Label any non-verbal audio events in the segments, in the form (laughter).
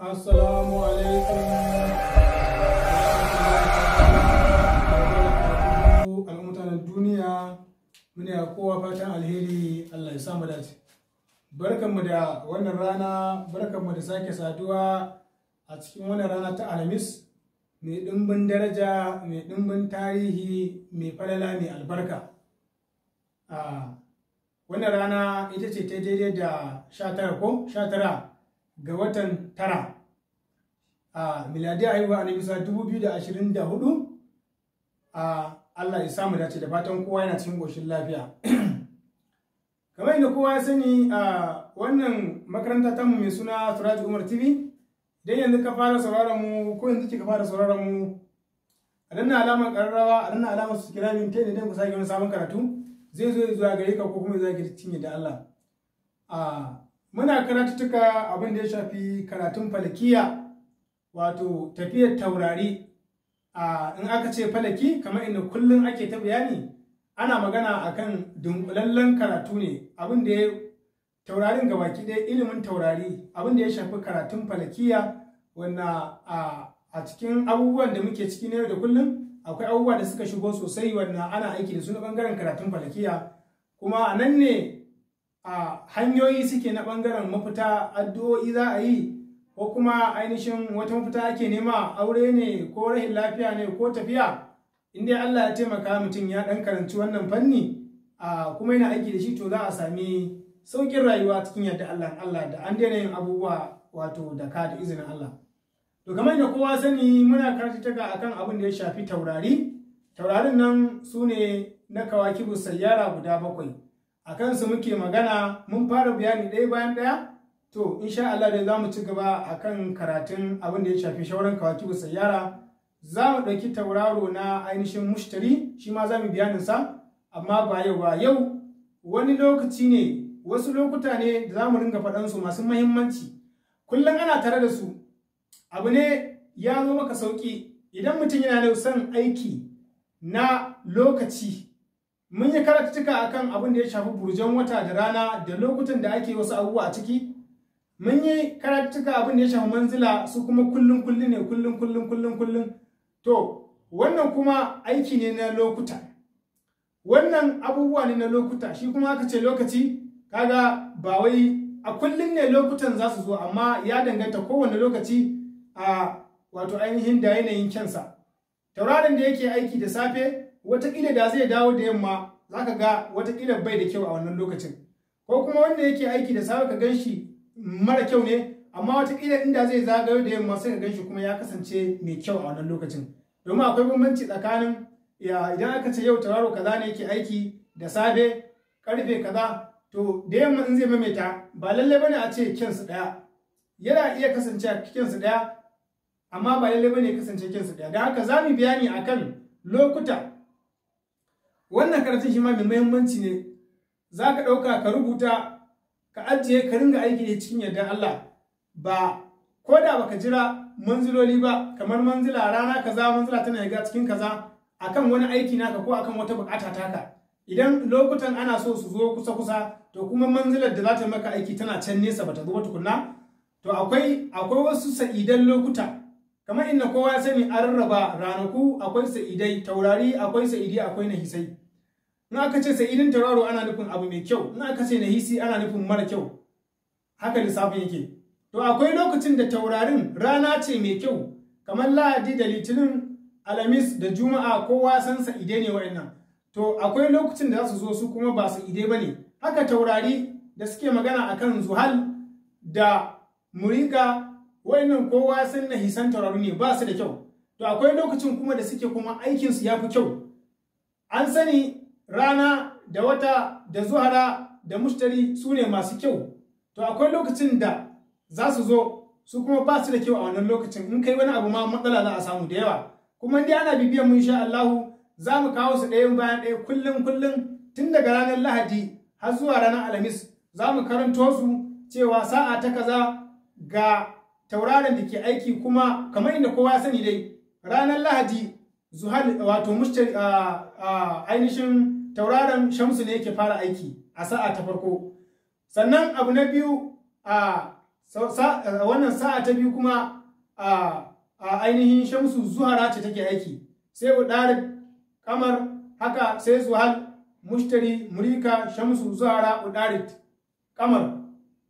Assalamu alaikum. Al'ummatar duniya muna kowa fatan alheri Allah ya samu dace. Barkanmu da wannan rana, barkanmu da sake saduwa a cikin wannan rana ta Alhamis mai ɗimbin daraja, mai ɗimbin tarihi, mai falala, mai albarka. Ah, wannan rana ita ce ta daidai da sha tara ko? Sha tara. ga watan tara a miladi a haihuwa ashirin da hudu, a allah ya samu dace da fatan kowa yana cikin goshin lafiya (clears throat) kamar yadda kowa ya sani a wannan makaranta tamu mai suna suraji umar tv dai yanzu ka fara sauraron mu ko yanzu kika fara sauraron mu a danna alamar kararrawa a danna alamar su kira ne dan ku sake wani sabon karatu zai zo zuwa gare ka ko kuma zuwa gare cinye da allah a muna karatuttuka abin da ya shafi karatun falakiya wato tafiyar taurari a in aka ce falaki kamar inda kullum ake ta bayani ana magana akan dunkulallen karatu ne abin da ya taurarin ga baki ɗaya ilimin taurari abin da ya shafi karatun falakiya wanda a cikin abubuwan da muke ciki na yau da kullum akwai abubuwa da suka shigo sosai wanda ana aiki da su na bangaren karatun falakiya kuma a nan ne a hanyoyi suke na ɓangaren mafita addu'o'i za a yi ko kuma ainihin wata mafita ake nema aure ne ko rahin lafiya ne ko tafiya in dai Allah ya taimaka mutum ya ɗan karanci wannan fanni a kuma yana aiki da shi to za a sami sauƙin rayuwa cikin yadda Allah Allah da an daina yin abubuwa wato da ka da izinin Allah to kamar da kowa sani muna karantaka akan abin da ya shafi taurari taurarin nan sune ne na kawakibu sayyara guda bakwai a kansu muke magana mun fara bayani ɗaya bayan ɗaya to insha Allah dai za mu ci gaba a kan karatun abin da ya shafi shawarar kawaki ba sayyara za mu ɗauki tauraro na ainihin mushtari shi ma za mu bayaninsa amma ba yau ba yau wani lokaci ne wasu lokuta ne da za mu ringa su masu mahimmanci kullum ana tare da su abu ne ya zo maka sauƙi idan mutum yana da son aiki na lokaci mun yi karattuka akan abin da ya shafi burjen wata da rana da lokutan da ake wasu abubuwa a ciki mun yi karattuka abin da ya shafi manzila su kuma kullum kullum ne kullum kullum kullun kullun to wannan kuma aiki ne na lokuta wannan abubuwa ne na lokuta shi kuma aka ce lokaci kaga ba wai a kullun ne lokutan za su zo amma ya danganta kowane lokaci a wato ainihin da yanayin kyansa tauraron da yake aiki da safe watakila da zai dawo da yamma zaka ga watakila bai da kyau a wannan lokacin ko kuma wanda yake aiki da safe ka mara kyau ne amma watakila inda zai zagayo da yamma sai ka ganshi kuma ya kasance mai kyau a wannan lokacin domin akwai bambanci tsakanin ya idan aka ce yau tauraro kaza ne yake aiki da safe karfe kaza to da yamma in zai maimaita ba lalle bane a ce kyansu daya yana iya kasancewa kyansu daya amma ba lalle bane ya kasance kyansu daya da haka zamu mu bayani akan lokuta wannan karatun shi ma mai muhimmanci ne za ka ɗauka ka rubuta ka ajiye ka ringa aiki da cikin yardar Allah ba ko da baka jira manziloli ba kamar manzila rana kaza manzila tana yaga cikin kaza akan wani aiki naka ko akan wata bukata taka idan lokutan ana so su zo kusa kusa to kuma manzilar da za ta maka aiki tana can nesa bata zo tukunna to akwai akwai wasu sa'idan lokuta kamar inda kowa ya sani an rarraba ranaku akwai sa'idai taurari akwai sa'idi akwai nahisai in aka ce sa'idin tauraro ana nufin abu mai kyau in aka ce nahisi ana nufin mara kyau haka lissafin yake to akwai lokacin da taurarin rana ce mai kyau kamar lahadi da litinin alamis da juma'a ko wasan sa'ide ne wa'annan to akwai lokacin da za su zo su kuma ba sa'ide ba ne haka taurari da suke magana akan zuhal da murika wa'annan wasan na nahisan taurari ne ba su da kyau to akwai lokacin kuma da suke kuma aikinsu ya fi kyau an sani rana da wata da zuhara da mushtari su ne masu kyau to akwai lokacin da za su zo su kuma ba su da kyau a wannan lokacin in kai wani abu ma matsala za a samu da yawa kuma dai ana bibiyan mu insha Allahu za mu kawo su ɗayan bayan ɗaya kullum kullum tun daga ranar Lahadi har zuwa ranar Alhamis za mu karanto su cewa sa'a ta kaza ga tauraron da ke aiki kuma kamar inda kowa ya sani dai ranar Lahadi zuhal wato mushtari ainihin tauraron shamsu ne yake fara aiki a sa'a ta farko sannan abu na biyu a wannan sa'a ta biyu kuma a ainihin shamsu zuhara ce take aiki sai udar kamar haka sai zuhal mushtari murika shamsu zuhara udarit kamar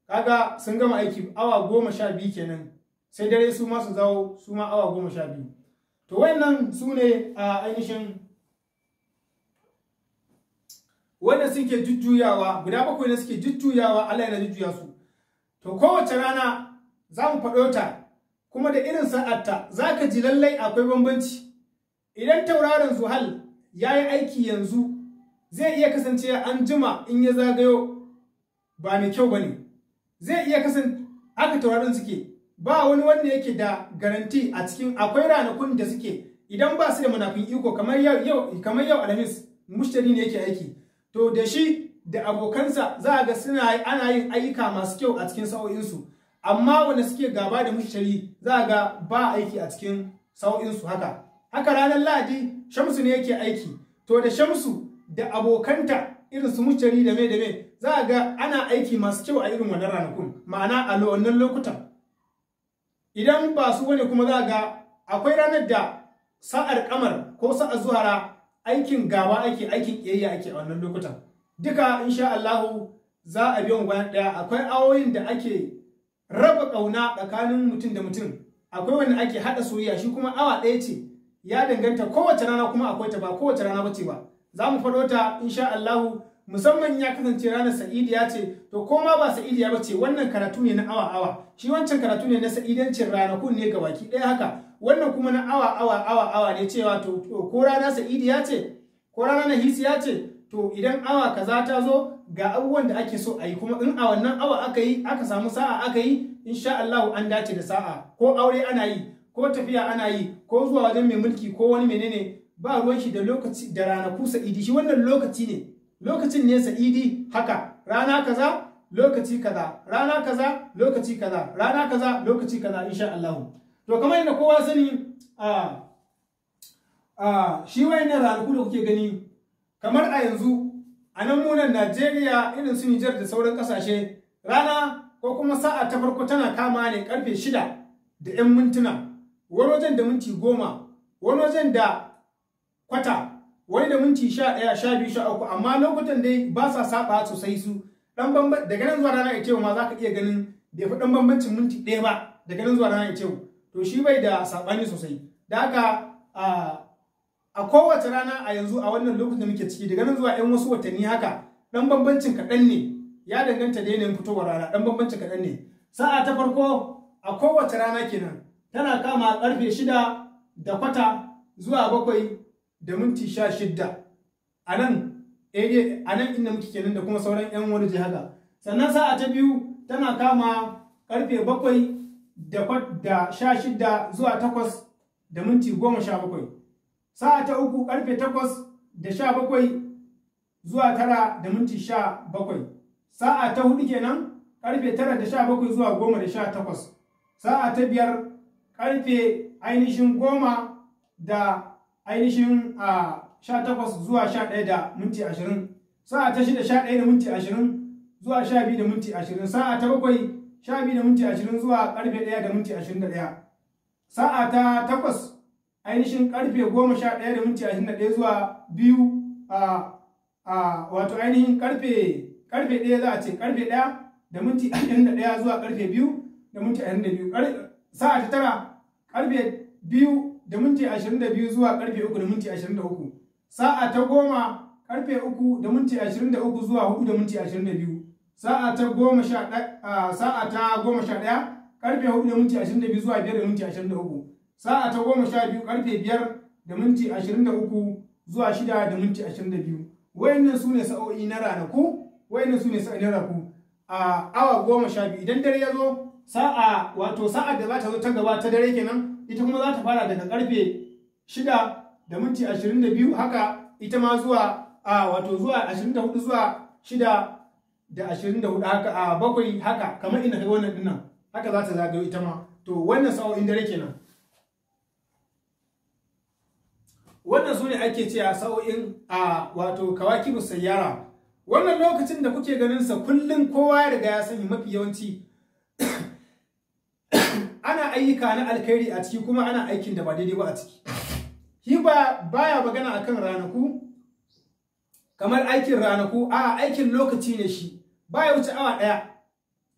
kaga sun gama aiki awa goma sha biyu kenan sai dare su masu zawo su ma awa goma sha biyu to wayannan su ne a ainihin wanda suke jujjuyawa guda bakwai da suke jujjuyawa Allah yana jujjuya su to kowace rana za mu faɗo ta kuma da irin sa'atta za ka ji lallai akwai bambanci idan tauraron zuhal ya yi aiki yanzu zai iya kasance an jima in ya zagayo ba mai kyau ba ne zai iya kasance haka tauraron suke ba wani wanda yake da garanti a cikin akwai ranakun da suke idan ba su da manafin iko kamar yau kamar yau alhamis mushtari ne yake aiki to da shi da abokansa za a ga suna ana yin ayyuka masu kyau a cikin sa'o'insu amma wanda suke gaba da mushari za a ga ba aiki a cikin sa'o'insu haka haka ranar lahadi shamsu ne yake aiki to da shamsu da abokanta irin su mushari da me da za a ga ana aiki masu kyau a irin wannan ranakun ma'ana a wannan lokutan idan ba su wani kuma za a ga akwai ranar da sa'ar kamar ko sa'ar zuhara aikin gaba ake aikin ƙiyayya ake a wannan lokutan duka insha Allah za a biyan gwan ɗaya akwai awoyin da ake raba ƙauna tsakanin mutum da mutum akwai wanda ake haɗa soyayya shi kuma awa ɗaya ce ya danganta kowace rana kuma akwai ta ba kowace rana bace ba za mu faɗo ta insha Allah musamman ya kasance ranar sa'idiya ce to ko ma ba sa'idiya ba ce wannan karatu ne na awa awa shi wancan karatu ne na sa'idancin ranakun ne ga baki ɗaya haka wannan kuma na awa awa awa awa ne cewa to ko rana ya ce ko rana ya ce to idan awa kaza ta zo ga abubuwan da ake so a yi kuma in a wannan awa aka yi aka samu sa'a aka yi insha Allah an dace da sa'a ko aure ana yi ko tafiya ana yi ko zuwa wajen mai mulki ko wani menene ba ruwan shi da lokaci da ranaku sa'idi shi wannan lokaci ne lokacin ne sa'idi haka rana kaza lokaci kaza rana kaza lokaci kaza rana kaza lokaci kaza insha Allah to kamar yadda kowa sani a a shi wayannan ranaku da kuke gani kamar a yanzu a nan munan Najeriya irin su Nijar da sauran kasashe rana ko kuma sa'a ta farko tana kama ne karfe 6 da 'yan mintuna wani wajen da minti 10 wani wajen da kwata wani da minti 11 12 13 amma lokutan dai ba sa saba sosai su dan daga nan zuwa rana ya ce ma za ka iya ganin bai fi dan bambancin minti 1 ba daga nan zuwa rana ya ce to shi bai da saɓani sosai da haka a kowace rana a yanzu a wannan lokacin da muke ciki daga nan zuwa 'yan wasu watanni haka ɗan bambancin kaɗan ne ya danganta da yanayin fitowar rana ɗan bambancin kaɗan ne sa'a ta farko a kowace rana kenan tana kama karfe shida da kwata zuwa bakwai da minti sha shidda a nan eh, eh, a nan inda muke kenan da kuma sauran 'yan wani haka sannan sa'a ta biyu tana kama ƙarfe bakwai da sha shida zuwa takwas da minti goma sha bakwai sa'a ta uku karfe takwas da sha bakwai zuwa tara da minti sha bakwai sa'a ta hudu kenan karfe tara da sha bakwai zuwa goma da sha takwas sa'a ta biyar karfe ainihin goma da ainihin a sha takwas zuwa sha ɗaya da minti ashirin sa'a ta shida sha ɗaya da minti ashirin zuwa sha biyu da minti ashirin sa'a ta bakwai sha biyu da minti ashirin zuwa karfe ɗaya da minti ashirin da ɗaya sa'a ta takwas ainihin karfe goma sha ɗaya da minti ashirin da ɗaya zuwa biyu a wato ainihin karfe karfe ɗaya za a ce karfe ɗaya da minti ashirin da ɗaya zuwa karfe biyu da minti ashirin da biyu sa'a ta tara karfe biyu da minti ashirin da biyu zuwa karfe uku da minti ashirin da uku sa'a ta goma karfe uku da minti ashirin da uku zuwa hudu da minti ashirin da biyu sa'a ta goma sha ɗaya karfe hudu da minti ashirin da biyu zuwa biyar da minti ashirin da uku sa'a ta goma sha biyu karfe biyar da minti ashirin da uku zuwa shida da minti ashirin da biyu wayannan su ne sa'o'i na ranaku wayannan su ne sa'o'i na ranaku a awa goma sha biyu idan dare ya zo sa'a wato sa'a da za ta zo ta gaba ta dare kenan ita kuma za ta fara daga karfe shida da minti ashirin da biyu haka ita ma zuwa a wato zuwa ashirin da hudu zuwa shida da ashirin da hudu haka a bakwai haka kamar ina kai wannan dinnan haka za ta zagayo ita ma to wannan sa'o'in dare kenan wannan su ne ake cewa sa'o'in a wato kawakibu sayyara wannan lokacin da kuke ganin sa kullum kowa ya riga ya sani mafi yawanci (coughs) ana ayyuka na alkhairi a ciki kuma ana aikin da ba daidai ba a ciki hiba baya magana akan ranaku kamar aikin ranaku a aikin lokaci ne shi baya wuce awa ɗaya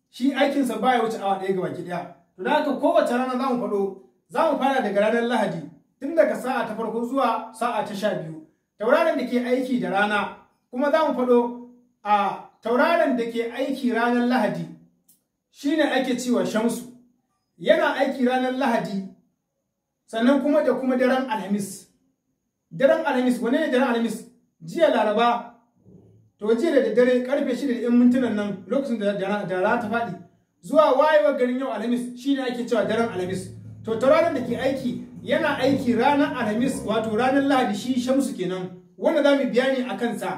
shi aikinsa baya wuce awa ɗaya gabaki ɗaya to da haka kowace rana za mu faɗo za mu fara daga ranar lahadi tun daga sa'a ta farko zuwa sa'a ta sha biyu tauraron da ke aiki da rana kuma za mu faɗo a tauraron da ke aiki ranar lahadi shine ake cewa shamsu yana aiki ranar lahadi sannan kuma da kuma daren alhamis daren alhamis wane ne daren alhamis jiya laraba to jiya da daddare karfe shida da yan mintunan nan lokacin da dara ta faɗi zuwa wayewar garin yau alhamis shine ake cewa daren alhamis to tauraron da ke aiki yana aiki ranar alhamis wato ranar lahadi shi shamsu kenan wanda za mu bayani a kansa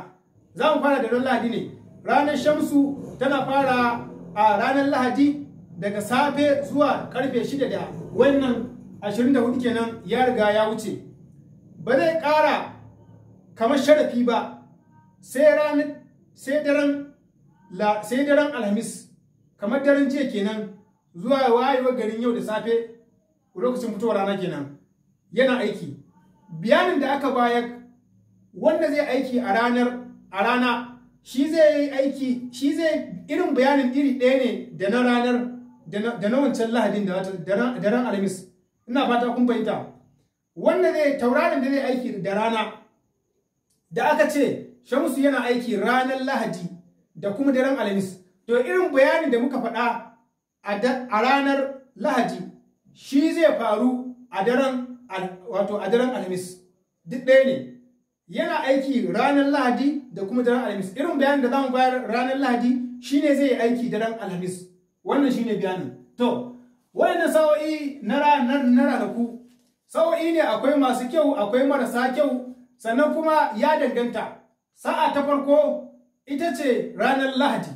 za mu fara da ranar lahadi ne ranar shamsu tana fara a ranar lahadi daga safe zuwa karfe shida da wannan 24 kenan ya riga ya wuce ba zai kara kamar sharafi ba sai sai daren la sai daren alhamis kamar daren jiya kenan zuwa wayewa garin yau da safe lokacin fitowar rana kenan yana aiki bayanin da aka bayar wanda zai aiki a ranar a rana shi zai yi aiki shi zai irin bayanin iri ɗaya ne da na ranar da na wancan lahadin da ran alhamis ina fata kun fahimta wanda zai tauraron da zai aiki da rana da aka ce shamsu yana aiki ranar lahadi da kuma daren alhamis to irin bayanin da muka faɗa a ranar lahadi shi zai faru a daren wato a daren alhamis duk ɗaya ne yana aiki ranar lahadi da kuma daren alhamis irin bayanin da zamu bayar ranar lahadi shine zai yi aiki daren alhamis wannan shine bayanin to wayannan sa'o'i na ranar na ranaku sa'o'i ne akwai masu kyau akwai marasa kyau sannan kuma ya danganta sa'a ta farko ita ce ranar lahadi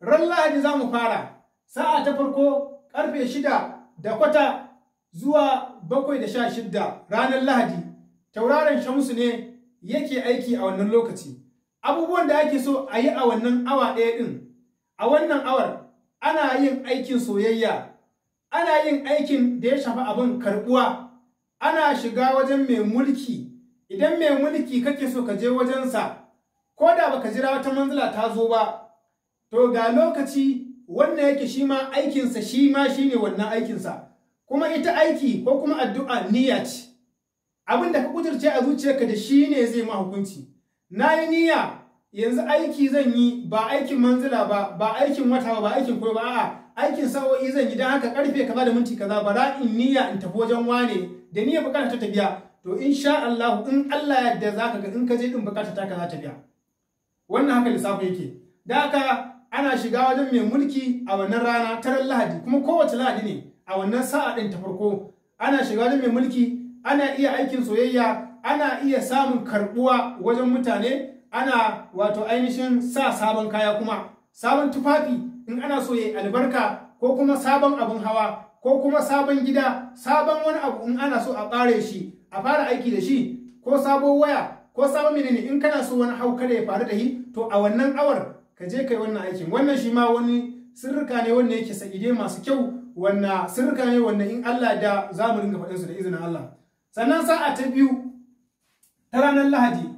ran lahadi za mu fara sa'a ta farko karfe shida da kwata zuwa bakwai da sha shida ranar lahadi tauraron shamsu ne yake aiki a wannan lokaci abubuwan da ake so a yi a wannan awa ɗaya ɗin a wannan awar ana yin aikin soyayya ana yin aikin da ya shafi abin karɓuwa ana shiga wajen mai mulki idan mai mulki kake so ka je wajensa ko da baka jira wata manzila ta zo ba to ga lokaci wannan yake shi ma aikinsa shi ma shi ne wannan aikinsa kuma ita aiki ko kuma addu'a niyya ce abin da ka kuturce a zuciyarka da shi ne zai ma hukunci na yi niyya yanzu aiki zan yi ba aikin manzila ba ba aikin wata ba ba aikin koyo ba a'a aikin sa'o'i zan yi don haka karfe ka da minti kaza bara in niyya in tafi wajen wane da niyya bukata ta tafiya to insha Allah in Allah ya yadda zaka ga in ka je din bukata ka za ta biya wannan haka lissafi yake da haka ana shiga wajen mai mulki a wannan rana ta ran lahadi kuma kowace lahadi ne a wannan sa'a din ta farko ana shiga wajen mai mulki ana iya aikin soyayya ana iya samun karbuwa wajen mutane ana wato ainihin sa sabon kaya kuma sabon tufafi in ana so yayi albarka ko kuma sabon abin hawa ko kuma sabon gida sabon wani abu in ana so a ƙare shi a fara aiki da shi ko sabo waya ko sabo menene in kana so wani hau kada ya faru da shi to a wannan awar ka je kai wannan aikin wannan shi ma wani sirrika ne wanda yake ide masu kyau wanda sirrika ne wanda in Allah da za mu ringa faɗin su da izinin Allah sannan sa'a ta biyu ta ranar Lahadi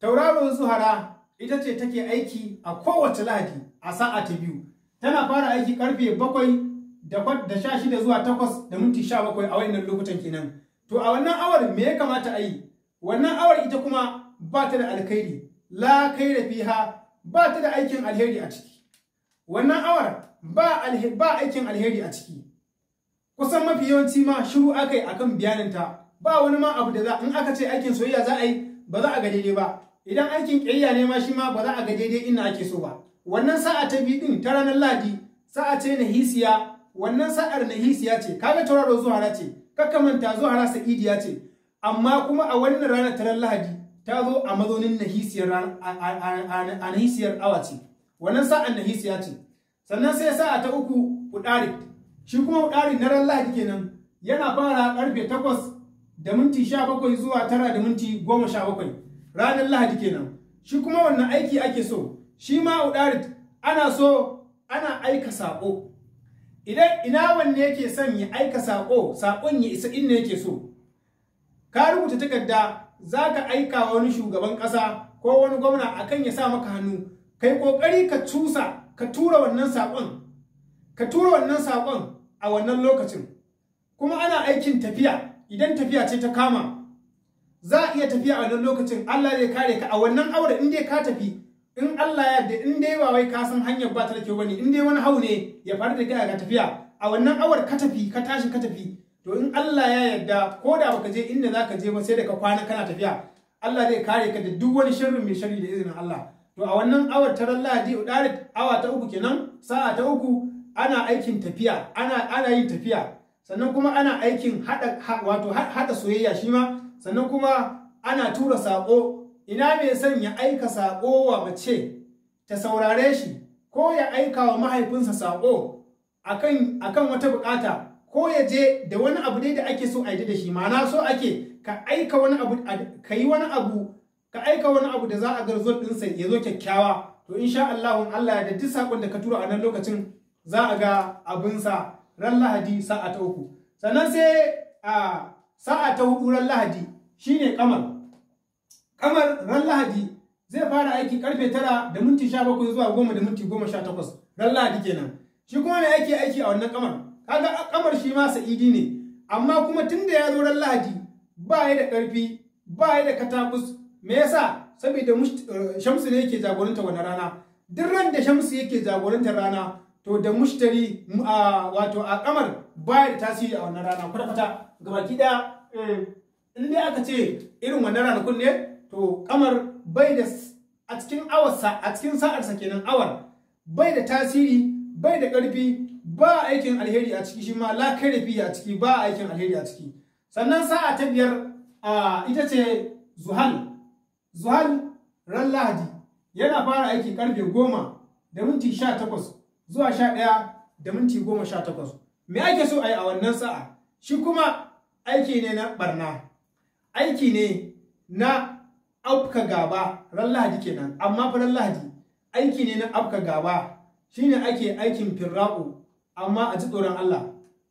tauraron zuhara ita ce take aiki a kowace Lahadi a sa'a ta biyu tana fara aiki karfe bakwai da sha zuwa takwas da minti sha bakwai a wannan lokutan kenan to a wannan awar me ya kamata a yi wannan awar ita kuma ba ta da alkhairi la kaira fiha ba ta da aikin alheri a ciki wannan awar ba ba aikin alheri a ciki kusan mafi yawanci ma shiru akai yi akan ta ba wani ma abu da za in aka ce aikin soyayya za a yi ba za a ga daidai ba idan aikin ƙiyayya ne ma shi ma ba za a ga daidai inda ake so ba wannan sa'a ta biyu din ta ranar ladi sa'a ce na hisiya wannan sa'ar na hisiya ce kaga tauraro zuwa na ce kakamanta zuwa rasa idi ya ce amma kuma a wannan ranar taron lahadi ta zo a mazaunin nahisiyar a awa ce wannan sa'an nahisiya ce sannan sai sa'a ta uku hudari shi kuma hudari na ran lahadi kenan yana fara karfe takwas da minti sha zuwa tara da minti goma ranar lahadi kenan shi kuma wannan aiki ake so shi ma hudari ana so ana aika saƙo idan ina wanne yake son ya aika sako saƙon ya isa inda yake so ka rubuta takarda za ka aika wani shugaban ƙasa ko wani gwamna akan ya sa maka hannu kai kokari ka cusa ka tura wannan sakon ka tura wannan sakon a wannan lokacin kuma ana aikin tafiya idan tafiya ce ta kama za a iya tafiya a wannan lokacin Allah zai kare ka a wannan aure in dai ka tafi in Allah ya yarda in dai ba wai ka san hanyar ba ta da kyau bane in dai wani hau ne ya faru da kai ga tafiya a wannan awar ka tafi ka tashi ka tafi to in Allah ya yarda ko da baka je inda zaka je ba sai da ka kwana kana tafiya Allah zai kare ka da duk wani sharri mai sharri da izinin Allah to a wannan awar ta Lahadi awa ta uku kenan sa'a ta uku ana aikin tafiya ana ana yin tafiya sannan kuma ana aikin hada wato hada soyayya shi ma sannan kuma ana tura sako ina mai son ya aika saƙo wa mace ta saurare shi ko ya aika wa mahaifinsa saƙo akan akan wata bukata? ko ya je da wani abu dai da ake so a yi da shi mana so ake ka aika wani abu ka yi wani abu ka aika wani abu da za a ga result ɗinsa ya zo kyakkyawa to insha Allah in Allah ya da duk sakon da ka tura a nan lokacin za a ga abinsa ran Lahadi sa'a ta uku sannan sai a sa'a ta hudu ran Lahadi shine kamar kamar ran lahadi zai fara aiki karfe tara da minti sha bakwai zuwa goma da minti goma sha takwas ran lahadi kenan shi kuma mai aiki aiki a wannan kamar kaga kamar shi ma sa'idi ne amma kuma tun da ya zo ran lahadi ba ya da karfi ba ya da katakus me yasa saboda eh, shamsu ne yake jagoranta wani rana duk ran da shamsu yake jagorantar rana to da mushtari wato a kamar ba ya da tasiri a wannan rana kwata-kwata gabaki daya eh, in dai aka ce irin wannan ranakun ne to kamar bai da a cikin awarsa a cikin sa'arsa kenan awar bai da tasiri bai da karfi ba aikin alheri a ciki shi ma la a ciki ba aikin alheri a ciki sannan sa'a ta biyar a ita ce zuhal zuhal ran lahadi yana fara aiki karfe goma da minti sha takwas zuwa sha ɗaya da minti goma sha takwas me ake so a yi a wannan sa'a shi kuma aiki ne na barna aiki ne na afka gaba ran lahadi kenan amma fa ran lahadi aiki ne na afka gaba shine ake aikin firra'u amma a ji tsoron Allah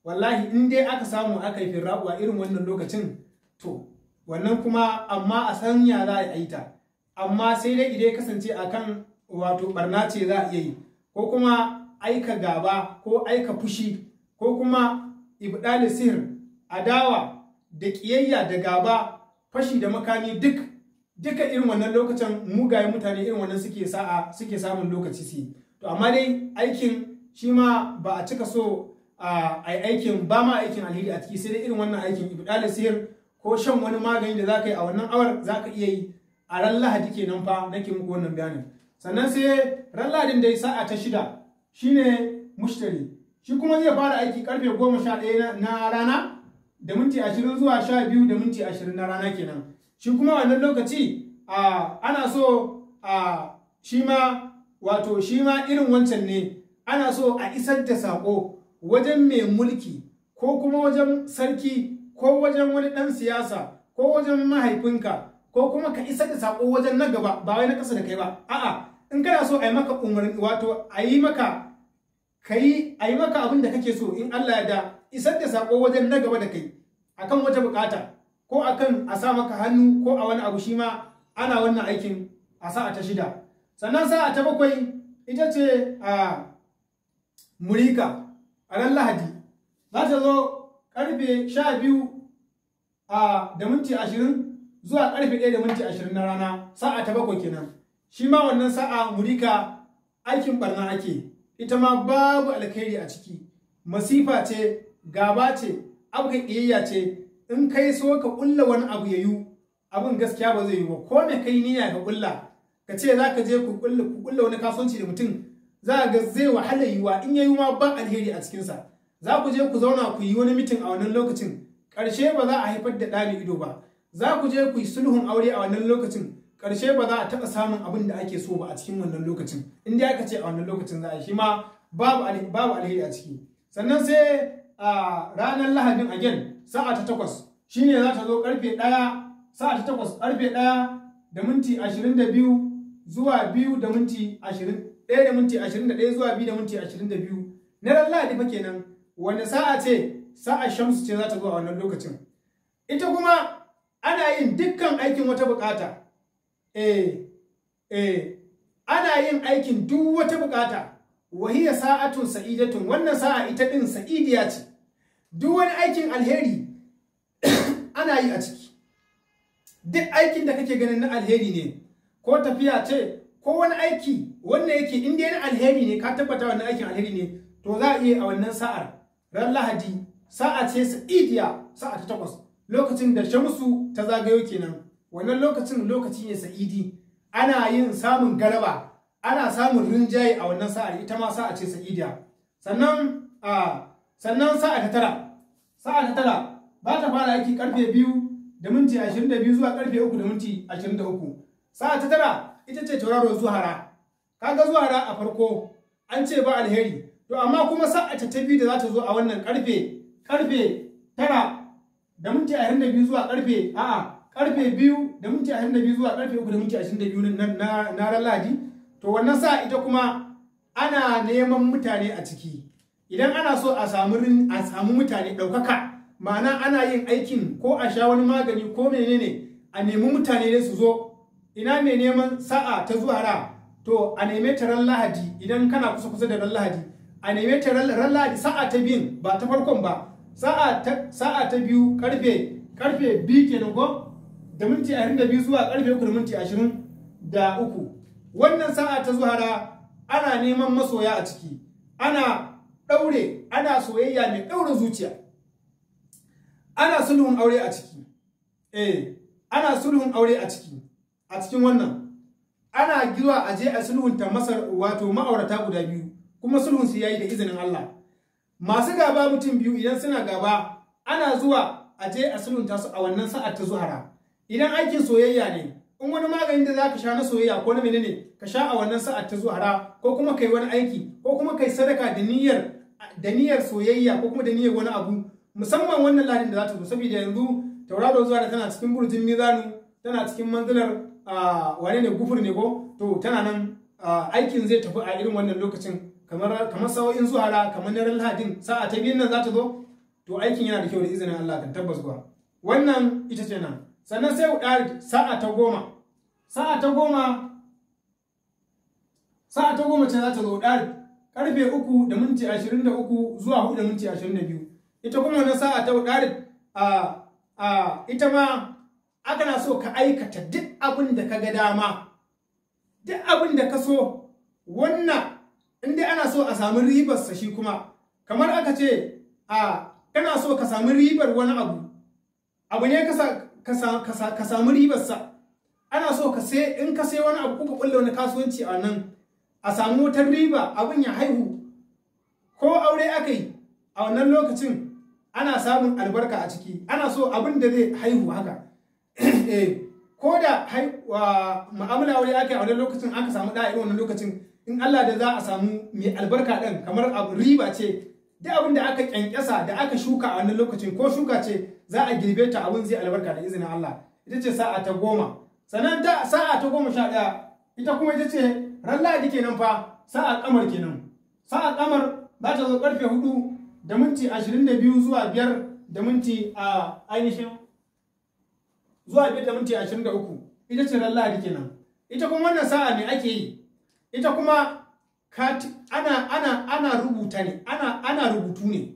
wallahi in dai aka samu aka yi firra'u a irin wannan lokacin to wannan kuma amma a san ya za a yi ta amma sai dai idan kasance a kan wato barna ce za a iya yi ko kuma aika gaba ko aika fushi ko kuma ibdali sihir adawa da kiyayya da gaba fashi da makami duk duka irin wannan lokacin mugaye mutane irin wannan suke sa'a suke samun lokaci su to amma dai aikin shi ma ba a cika so a aikin ba ma aikin alheri a ciki sai dai irin wannan aikin ibdal sihir ko shan wani magani da zaka yi a wannan awar zaka iya yi a ran lahadi kenan fa nake muku wannan bayanin sannan sai ran lahadin dai sa'a ta shida shine mushtari shi kuma zai fara aiki karfe goma sha ɗaya na rana da minti ashirin zuwa sha biyu da minti ashirin na rana kenan shi kuma wannan lokaci a ana so a shi ma wato shi ma irin wancan ne ana so a isar da saƙo wajen mai mulki ko kuma wajen sarki ko wajen wani ɗan siyasa ko wajen mahaifinka ko kuma ka isar da saƙo wajen na gaba ba wai na ƙasa da kai ba a'a in kana so a yi maka umarni wato a yi maka kai a yi maka abin da kake so in Allah ya da isar da saƙo wajen na gaba da kai akan wata buƙata ko akan a sa maka hannu ko a wani abu shi ma ana wannan aikin a sa'a ta shida sannan sa'a ta bakwai ita ce a murika a ran lahadi za ta zo karfe sha biyu da minti ashirin zuwa karfe ɗaya da minti ashirin na rana sa'a ta bakwai kenan shi ma wannan sa'a murika aikin barna ake ita ma babu alkhairi a ciki masifa ce gaba ce abga ƙiyayya ce in kai so ka ƙulla wani abu ya yi abin gaskiya ba zai yi ba ko me kai niyya ga kulla ka ce za ka je ku kulla wani kasuwanci da mutum za ga zai wahala yiwa in ya yayi ma ba alheri a cikinsa za ku je ku zauna ku yi wani mitin a wannan lokacin ƙarshe ba za a haifar da ɗani ido ba za ku je ku yi sulhun aure a wannan lokacin ƙarshe ba za a taɓa samun abin da ake so ba a cikin wannan lokacin in dai aka ce a wannan lokacin za a shi ma babu alheri a ciki sannan sai a ranar lahadin again sa'a ta takwas shine za ta zo karfe ɗaya sa'a ta takwas karfe ɗaya da minti ashirin da biyu zuwa biyu da minti ashirin ɗaya da minti ashirin da ɗaya zuwa biyu da minti ashirin da biyu na ran lahadi fa kenan wanda sa'a ce sa'a shamsu ce za ta zo a wannan lokacin ita kuma ana yin dukkan aikin wata bukata eh eh ana yin aikin duk wata bukata wahiya sa'atun sa'idatun wannan sa'a ita din sa'idiya ce duk wani aikin alheri (coughs) ana yi a ciki duk aikin da kake ganin na alheri ne ko tafiya ce ko wani aiki wanda yake inda yana na alheri ne ka tabbata wannan aikin alheri ne to za a iya a wannan sa'ar ran lahadi sa'a ce sa'idiya sa'a ta takwas lokacin da shamsu ta zagayo kenan wannan lokacin lokaci ne sa'idi ana yin samun garaba ana samun rinjaye a wannan sa'ar ita ma sa'a ce sa'idiya sannan a ah, sannan sa'a ta tara sa'a ta tara za ta fara aiki karfe biyu da minti ashirin da biyu zuwa karfe uku da minti ashirin da uku sa'a ta tara ita ce tauraro zuhara kaga zuhara a farko an ce ba alheri to amma kuma sa'a ta ta biyu da za ta zo a wannan karfe karfe tara da minti ashirin da biyu zuwa karfe a'a karfe biyu da minti ashirin da biyu zuwa karfe uku da minti ashirin da biyu na ran lahadi to wannan sa'a ita kuma ana neman mutane a ciki idan ana so a samu a samu mutane ɗaukaka ma'ana ana yin aikin ko a sha wani magani ko menene a nemi mutane ne su zo ina mai neman sa'a ta zuwa ra to a neme ta ran lahadi idan kana kusa kusa da ran lahadi a neme ta ran lahadi sa'a ta biyun ba ta farkon ba sa'a ta sa'a ta biyu karfe karfe biyu kenan ko da minti ashirin da biyu zuwa karfe uku da minti ashirin da uku wannan sa'a ta zuhara ana neman masoya a ciki ana ɗaure ana soyayya mai zuciya ana sulhun aure a ciki eh ana sulhun aure a ciki a cikin wannan ana giwa a je a sulhunta masar wato ma'aurata guda biyu kuma sulhun su yayi da izinin Allah masu gaba mutum biyu idan suna gaba ana zuwa a je a sulhunta su a wannan sa'ar ta zuhara idan aikin soyayya ne in wani maganin da zaka sha na soyayya ko na menene ka sha a wannan sa'ar ta zuhara ko kuma kai wani aiki ko kuma kai sadaka da niyyar da niyyar soyayya ko kuma da niyyar wani abu musamman wannan ladin da za ta zo saboda yanzu tauraro zuwa da tana cikin burjin mizanu tana cikin manzilar wane ne gufur ne ko to tana nan aikin zai tafi a irin wannan lokacin kamar kamar sa'o'in zuhara kamar na lahadin sa'a ta biyun nan za ta zo to aikin yana da kyau da izinin Allah kan tabbas kuwa wannan ita ce nan sannan sai udarid sa'a ta goma sa'a ta goma sa'a ta goma ce za ta zo udarid karfe uku da minti ashirin da uku zuwa 4 da minti ashirin da biyu ita kuma wannan sa'a ta hudu a a ita ma aka na so ka aikata duk abin da ka ga dama duk abin da ka so wannan inda ana so a samu ribarsa shi kuma kamar aka ce a kana so ka samu ribar wani abu abu ne ka samu ribarsa ana so ka sai in ka sai wani abu kuka kulle wani kasuwanci a nan a samu wutar riba abin ya haihu ko aure aka yi a wannan lokacin ana samun albarka a ciki ana so abin da zai haihu haka (clears throat) eh, ko da mu'amala aure aka yi a wannan lokacin aka samu da irin wannan lokacin in Allah da za a samu mai albarka ɗin kamar abu riba ce duk abin da aka kyankyasa da aka shuka a wannan lokacin ko shuka ce za a girbe ta abin zai albarka da izinin Allah ita ce sa'a ta goma sannan sa'a ta goma sha ɗaya ita kuma ita ce ran lahadi kenan fa sa'a kamar kenan sa'a kamar za ta zo karfe 4 da minti 22 zuwa 5 da minti a ainihin zuwa 5 da minti 23 ita ce ran lahadi kenan ita kuma wannan sa'a ne ake yi ita kuma ana ana ana rubuta ne ana ana rubutu ne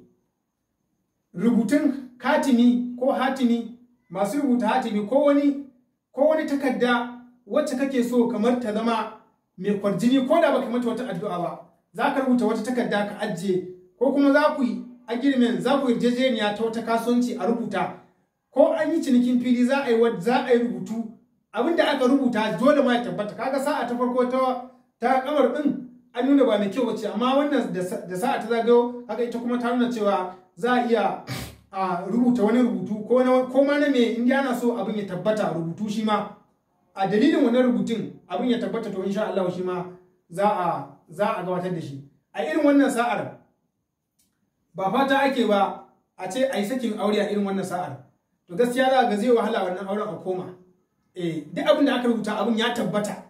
rubutun katini ko hatini masu rubuta hatini ko wani ko wani takarda wacce kake so kamar ta zama mai kwarjini ko da baka mata wata addu'a ba za ka rubuta wata takarda ka ajiye ko kuma za ku yi agreement za ku yarjejeniya ta wata kasuwanci a rubuta ko an yi cinikin fili za a yi rubutu abin da aka rubuta dole ma ya tabbata kaga sa'a ta farko ta ta kamar din an nuna ba mai kyau bace amma wannan da sa'a ta zagayo haka ita kuma ta nuna cewa za a iya a rubuta wani rubutu ko ma na me in so abin ya tabbata rubutu shi ma a dalilin wannan rubutun abin ya tabbata to insha Allah shi ma za a za a gabatar da shi a irin wannan sa'ar ba fata ake ba a ce a yi sakin aure a irin wannan sa'ar to gaskiya za ga zai wahala wannan auren a koma eh duk abin da aka rubuta abin ya tabbata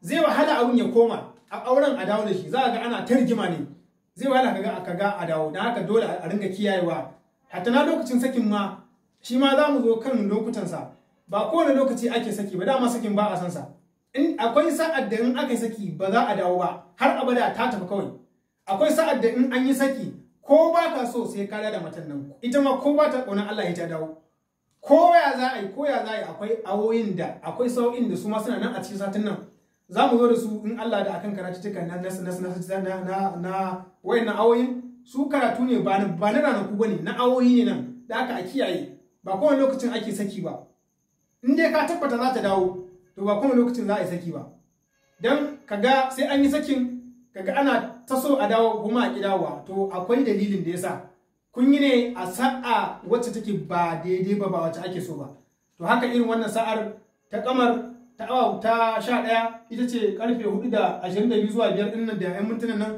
zai wahala abin ya koma a auren a dawo da shi za ga ana targima ne zai wahala kaga aka ga a dawo dan haka dole a ringa kiyayewa hatta na lokacin sakin ma shi ma za mu zo kan lokutan sa. ba kowane lokaci ake saki ba dama sakin ba a san sa in akwai sa'ad da in aka saki ba za a dawo ba har abada ta tafi kawai akwai sa'ad da in an yi saki ko ba ka so sai ka da matan nan ita ma ko ba ta kona Allah ya ta dawo ko ya za a yi ko ya za a yi akwai awoyin da akwai sau'in da su ma suna nan a cikin satin nan za mu zo da su in Allah da akan karatuttuka na na na na wayannan awoyin su karatu ne ba na ranaku bane na awoyi ne nan da aka a kiyaye ba kowane lokacin ake saki ba in dai ka tabbata za ta dawo to ba kuma lokacin za a yi saki ba dan kaga sai an yi sakin kaga ana ta so a dawo kuma a kidawa to akwai dalilin da yasa kun yi ne a sa'a wacce take ba daidai ba ba wacce ake so ba to haka irin wannan sa'ar ta kamar ta awa ta sha ɗaya ita ce karfe hudu da ashirin da biyu zuwa biyar ɗin nan da yan mintunan nan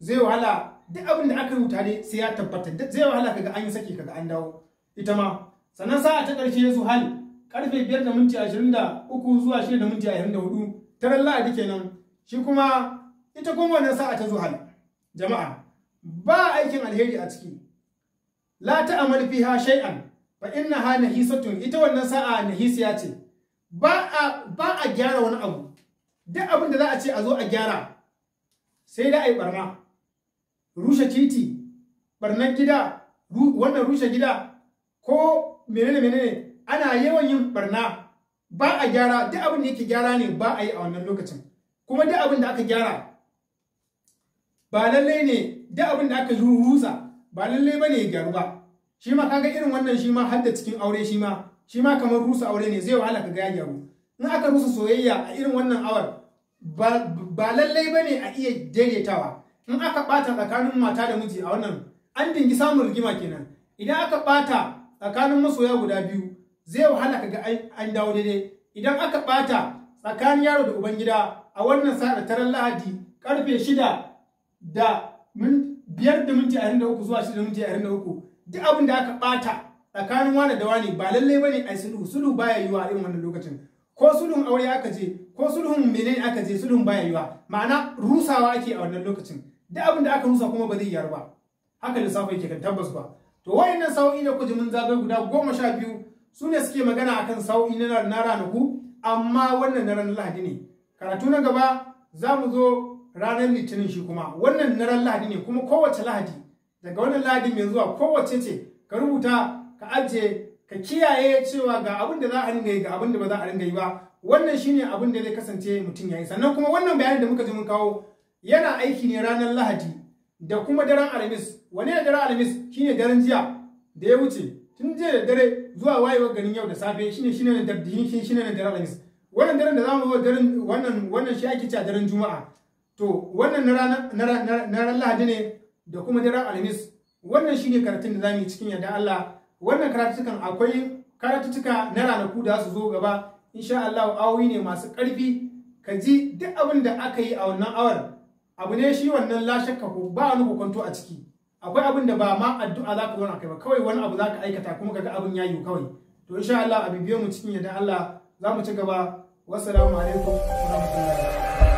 zai wahala duk abin da aka rubuta ne sai ya tabbata zai wahala kaga an yi saki kaga an dawo ita ma sannan sa'a ta ƙarshe zuhal karfe 5 da minti 23 zuwa 6 da minti 24 taron la'adi kenan shi kuma ita kuma wannan sa'a ta zuhal jama'a ba aikin alheri a ciki la ta'amal fiha shay'an fa innaha nahisatun ita wannan sa'a nahisiya ce ba a ba a gyara wani abu duk abin da za a ce a zo a gyara sai da ai barna rushe titi barnan gida wannan rushe gida ko menene menene ana yawan yin barna ba a gyara duk abin da yake gyara ne ba a yi a wannan lokacin kuma duk abin da aka gyara ba lallai ne duk abin da aka rusa ba lallai ba ne ya gyaru ba shi ma kaga irin wannan shi ma har da cikin aure shi ma shi ma kamar rusa aure ne zai wahala ka ga gyaru in aka rusa soyayya a irin wannan awar ba lallai ba ne a iya daidaitawa in aka bata tsakanin mata da miji a wannan an dingi samun rigima kenan idan aka bata tsakanin masoya guda biyu zai wahala kaga an dawo daidai idan aka bata tsakanin yaro da ubangida a wannan sa'ar taron lahadi karfe shida da biyar da minti ashirin da uku zuwa shida da minti ashirin da uku duk abin da aka bata tsakanin wani da wani ba lallai bane a sulhu sulhu baya yiwa irin wannan lokacin ko sulhun aure aka je ko sulhun menene aka je sulhun baya yiwa ma'ana rusawa ake a wannan lokacin duk abin da aka rusa kuma ba zai yar ba haka lissafin ke kan tabbas ba to wayannan sa'o'i da kuji mun zagaye guda goma sha biyu su ne suke magana akan sau'i na ranaku amma wannan na ranar lahadi ne karatu na gaba za mu zo ranar litinin shi kuma wannan na ranar lahadi ne kuma kowace lahadi daga wannan lahadi mai zuwa kowace ce ka rubuta ka ajiye ka kiyaye cewa ga abin da za a ringa yi ga abin da ba za a ringa yi ba wannan shine abin da zai kasance mutum ya yi sannan kuma wannan bayanin da muka ji mun kawo yana aiki ne ranar lahadi da kuma daren alhamis wane daren alhamis shine daren jiya da ya wuce tun jiya da dare zuwa wayewar garin yau da safe shine shine da shine shine da daren wannan daren da zamu daren wannan wannan shi ake cewa daren juma'a to wannan na ranar na ran lahadi ne da kuma daren alhamis wannan shine karatun da zamu yi cikin yadda Allah wannan karatukan akwai karatutuka na ranaku da su zo gaba insha Allah awoyi ne masu karfi ka ji duk abin da aka yi a wannan awar abu ne shi wannan la shakka ko ba wani hukunto a ciki akwai abin da ba ma addu'a za ka zauna kai ba kawai wani abu za ka aikata kuma kaga abin ya yi kawai to insha Allah a bibiye mu cikin yadda Allah za mu ci gaba wassalamu alaikum wa rahmatullahi